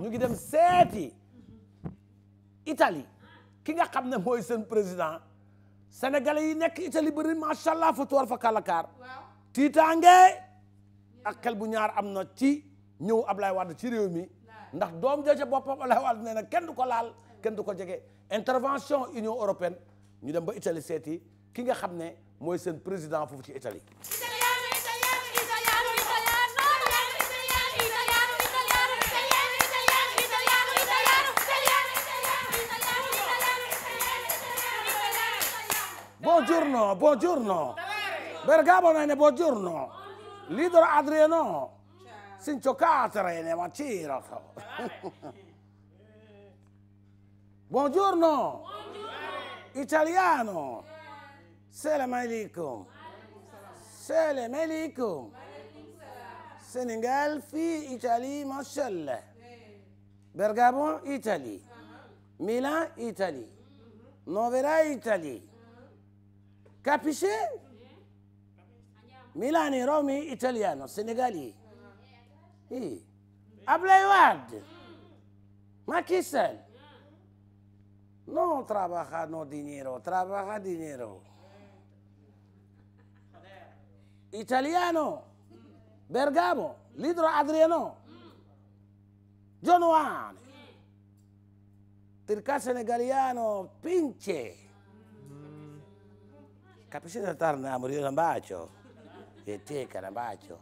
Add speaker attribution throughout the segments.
Speaker 1: ñu ngi dem seeti Italie ki nga xam ne mooy seen président sénégalais yi nekk Italie bëri macha allah fa tuwar fa tiitaange ak kel bu ñaar am na ci ñëw Ablaye Wade ci réew mi ndax doom jooja boppam Ablaye Wade nee na kenn du ko laal kenn du ko jege intervention Union européenne ñu dem ba Italie seeti ki nga xam ne mooy seen président foofu ci Italie Buongiorno, buongiorno. Bergamo non è buongiorno. L'idro Adriano. Sincio Caterine, ma c'era. Buongiorno. Italiano. Selam alaikum. Selam alaikum. Senegal في إيطالي ما شاء الله. برغامون إيطالي. ميلان إيطالي. نوفيرا Capisce? Milani, Romi, italiano, Sénégalais. i Ablaye No trabaja, no dinero, trabaja dinero. Italiano. Bergamo, Lidro Adriano. John Wayne. Tirca sénégaliano, Capisci da Tarnamo, io non bacio. E te che non bacio.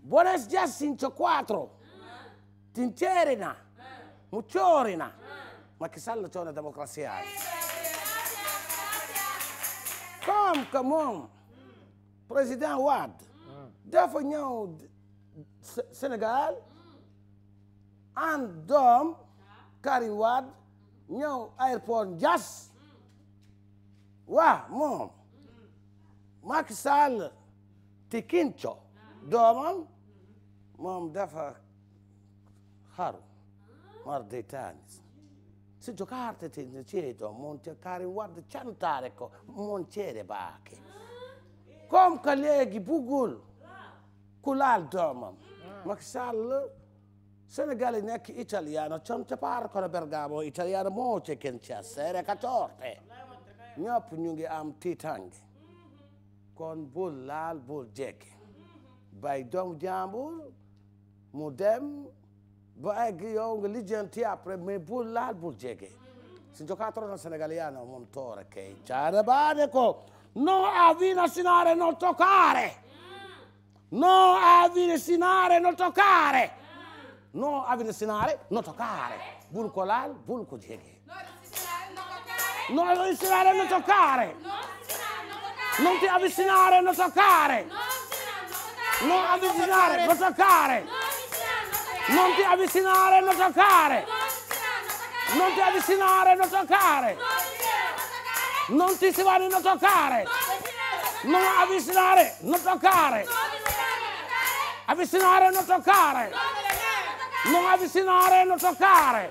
Speaker 1: Buonas Giassin, c'ho quattro. Tincerina. Mucciorina. Ma chissà la c'è una democrazia. Come, come on. President Wad. Dafa Sénégal. ànd doom Karim Wade ñëw aéroport Diass. waaw moom Macky Sall Tikincho doomam moom dafa xaru Mauritanie si Jakarta te ceeto mon te Karim Wade cantare ko mon ceere baake comme que léegi bugul ku laal doomam Macky Sall Senegal nekk italiano c'è un par con Bergamo italiano mo c'è che c'è sere 14 ñëpp ñu ngi am tiitange kon bul laal bul jekki bay doomu jàmbur mu dem ba egg yow nga lijjanti après mais bul laal bul jekki si giocatore non sénégaliano un montore che ciarebane co non a vinacinare non toccare non a vinacinare non toccare non a vinacinare non toccare bulcolal bulco jeghe non avvicinare non toccare non ti avvicinare non toccare
Speaker 2: non avvicinare non toccare non ti avvicinare non toccare non ti avvicinare
Speaker 1: non toccare non ti avvicinare non toccare non avvicinare non toccare avvicinare non toccare non avvicinare non toccare